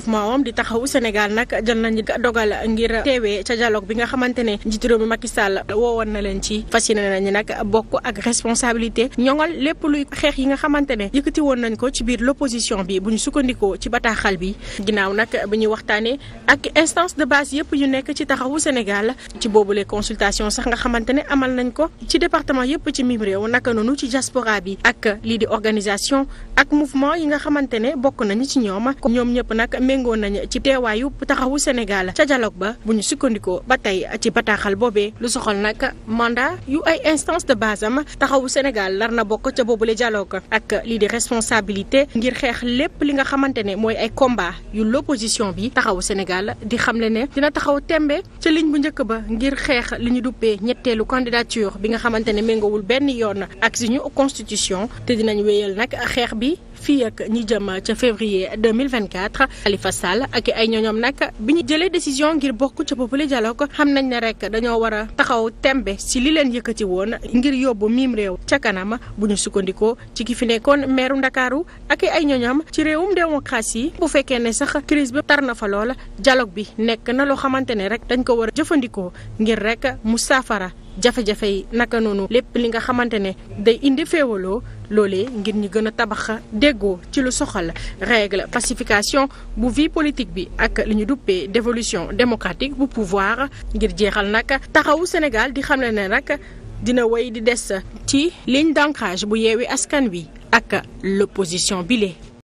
regroupement am di taxawu Sénégal nag jël nañu dogal ngir teewee ca dialogue bi nga xamante ne njiitu réew mi Macky Sall woowoon na leen ci fas yéene nañu nag bokk ak responsabilité ñoŋal lépp luy xeex yi nga xamante ne yëkkati woon nañ ko ci biir l'opposition bi bu ñu sukkandikoo ci bataaxal bi ginnaaw nag bi ñuy waxtaanee ak instance de base yëpp ñu nekk ci taxawu Sénégal ci boobu boobule consultation sax nga xamante ne amal nañ ko ci département yëpp ci mim réew naka noonu ci diaspora bi ak lii di organisation ak mouvement yi nga xamante ne bokk nañu ci ñoom méngoon nañu ci teewaayu taxawu Sénégal ca dialogue ba bu ñu sukkandikoo ba tey ci bataaxal boobee lu soxal nag mandat yu ay instance de base am taxawu Sénégal lar na bokk ca boobule dialogue ak lii di responsabilité ngir xeex lépp li nga xamante ne mooy ay combat yu l'opposition bi taxawu Sénégal di xamle ne dina taxaw tembe ca ligne bu njëkk ba ngir xeex li ñu duppee ñetteelu candidature bi nga xamante ne méngoowul benn yoon ak suñu constitution te dinañ wéyal xeex bi fii ak ñi jëmma ca février 2024 Khalifa Sall ak ay ñoñom nag bi ñu jëlee décision ngir bokk ca popule dialogue xam nañ ne rek dañoo war a taxaw tembe si li leen yëkkati woon ngir yóbbu miim réew ca kanam bu ñu sukkandikoo ci ki fi nekkoon meeru Ndakaaru ak ay ñoñom ci réewum démocratie bu fekkee ne sax crise bi tar na fa lool jaloog bi nekk na loo xamante ne rek dañ ko war a jëfandikoo ngir rek mu saafara jafe-jafe yi naka noonu lépp li nga xamante ne day indi féewaloo loole ngir ñu gën a tabax déggoo ci lu soxal règle pacification bu vie politique bi ak li ñu duppee dévolution démocratique bu pouvoir ngir jeexal nag taxawu Sénégal di xamle ne nag dina woy di des ci ligne d'ancrage bu yeewi askan wi ak l'opposition bile.